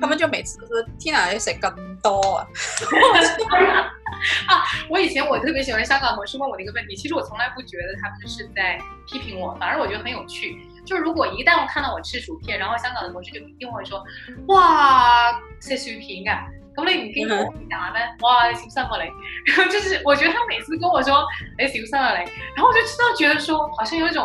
他們就每次都是天啊要食更多啊！啊，我以前我特別喜歡香港同事問我的一個問題，其實我從來不覺得他們是在批評我，反而我覺得很有趣。就是如果一旦我看到我吃薯片，然後香港的同事就一定會說：哇，食薯片啊，咁你唔健康咩？哇、mm，你食唔食得過嚟？」然後就是我覺得他每次跟我說你食唔食得過嚟？」 然後我就知道覺得說好像有一種。